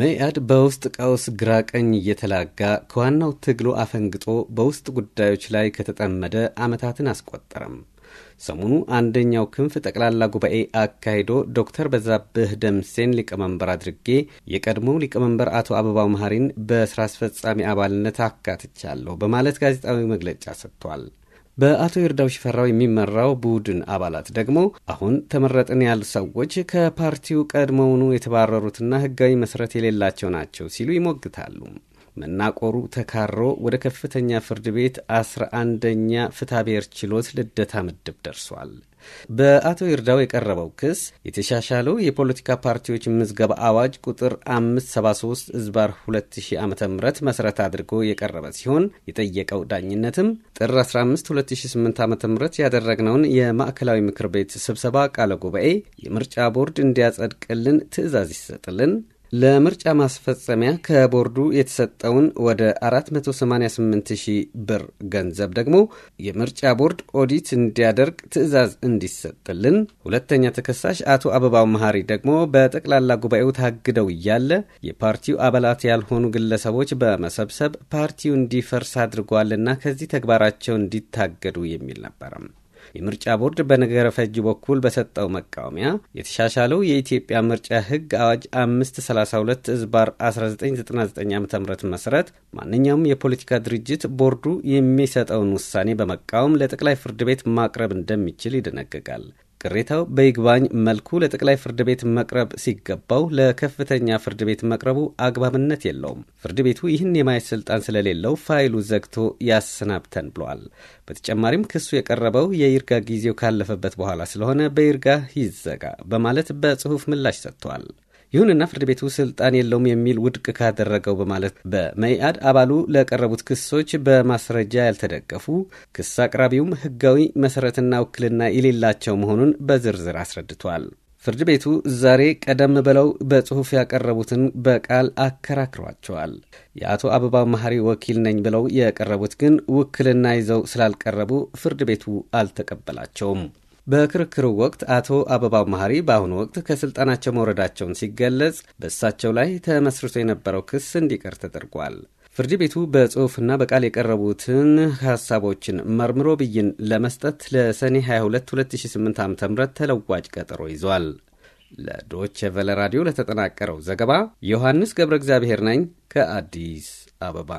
መኢአድ በውስጥ ቀውስ ግራ ቀኝ እየተላጋ ከዋናው ትግሉ አፈንግጦ በውስጥ ጉዳዮች ላይ ከተጠመደ ዓመታትን አስቆጠረም። ሰሞኑ አንደኛው ክንፍ ጠቅላላ ጉባኤ አካሂዶ ዶክተር በዛብህ ደምሴን ሊቀመንበር አድርጌ የቀድሞው ሊቀመንበር አቶ አበባው መሐሪን በስራ አስፈጻሚ አባልነት አካትቻለሁ በማለት ጋዜጣዊ መግለጫ ሰጥቷል። በአቶ ይርዳው ሽፈራው የሚመራው ቡድን አባላት ደግሞ አሁን ተመረጥን ያሉ ሰዎች ከፓርቲው ቀድሞውኑ የተባረሩትና ሕጋዊ መሰረት የሌላቸው ናቸው ሲሉ ይሞግታሉ። መናቆሩ ተካሮ ወደ ከፍተኛ ፍርድ ቤት አስራ አንደኛ ፍትሐብሔር ችሎት ልደታ ምድብ ደርሷል። በአቶ ይርዳው የቀረበው ክስ የተሻሻለው የፖለቲካ ፓርቲዎች ምዝገባ አዋጅ ቁጥር 573 ዝባር 2000 ዓ ም መሠረት አድርጎ የቀረበ ሲሆን የጠየቀው ዳኝነትም ጥር 15 2008 ዓ ም ያደረግነውን የማዕከላዊ ምክር ቤት ስብሰባ ቃለ ጉባኤ የምርጫ ቦርድ እንዲያጸድቅልን ትዕዛዝ ይሰጥልን ለምርጫ ማስፈጸሚያ ከቦርዱ የተሰጠውን ወደ 488000 ብር ገንዘብ ደግሞ የምርጫ ቦርድ ኦዲት እንዲያደርግ ትዕዛዝ እንዲሰጥልን፣ ሁለተኛ ተከሳሽ አቶ አበባው መሐሪ ደግሞ በጠቅላላ ጉባኤው ታግደው እያለ የፓርቲው አባላት ያልሆኑ ግለሰቦች በመሰብሰብ ፓርቲው እንዲፈርስ አድርጓልና ከዚህ ተግባራቸው እንዲታገዱ የሚል ነበረም። የምርጫ ቦርድ በነገረ ፈጅ በኩል በሰጠው መቃወሚያ የተሻሻለው የኢትዮጵያ ምርጫ ህግ አዋጅ 532 ዝባር 1999 ዓ ም መሰረት ማንኛውም የፖለቲካ ድርጅት ቦርዱ የሚሰጠውን ውሳኔ በመቃወም ለጠቅላይ ፍርድ ቤት ማቅረብ እንደሚችል ይደነግጋል። ቅሬታው በይግባኝ መልኩ ለጠቅላይ ፍርድ ቤት መቅረብ ሲገባው ለከፍተኛ ፍርድ ቤት መቅረቡ አግባብነት የለውም። ፍርድ ቤቱ ይህን የማየት ስልጣን ስለሌለው ፋይሉ ዘግቶ ያሰናብተን ብሏል። በተጨማሪም ክሱ የቀረበው የይርጋ ጊዜው ካለፈበት በኋላ ስለሆነ በይርጋ ይዘጋ በማለት በጽሑፍ ምላሽ ሰጥቷል። ይሁንና ፍርድ ቤቱ ስልጣን የለውም የሚል ውድቅ ካደረገው በማለት በመኢአድ አባሉ ለቀረቡት ክሶች በማስረጃ ያልተደገፉ ክስ አቅራቢውም ህጋዊ መሰረትና ውክልና የሌላቸው መሆኑን በዝርዝር አስረድቷል። ፍርድ ቤቱ ዛሬ ቀደም ብለው በጽሑፍ ያቀረቡትን በቃል አከራክሯቸዋል። የአቶ አበባው መሐሪ ወኪል ነኝ ብለው የቀረቡት ግን ውክልና ይዘው ስላልቀረቡ ፍርድ ቤቱ አልተቀበላቸውም። በክርክሩ ወቅት አቶ አበባው መሀሪ በአሁኑ ወቅት ከስልጣናቸው መውረዳቸውን ሲገለጽ በእሳቸው ላይ ተመስርቶ የነበረው ክስ እንዲቀር ተደርጓል። ፍርድ ቤቱ በጽሑፍና በቃል የቀረቡትን ሀሳቦችን መርምሮ ብይን ለመስጠት ለሰኔ 22 2008 ዓ ም ተለዋጭ ቀጠሮ ይዟል። ለዶች ቨለ ራዲዮ ለተጠናቀረው ዘገባ ዮሐንስ ገብረ እግዚአብሔር ነኝ ከአዲስ አበባ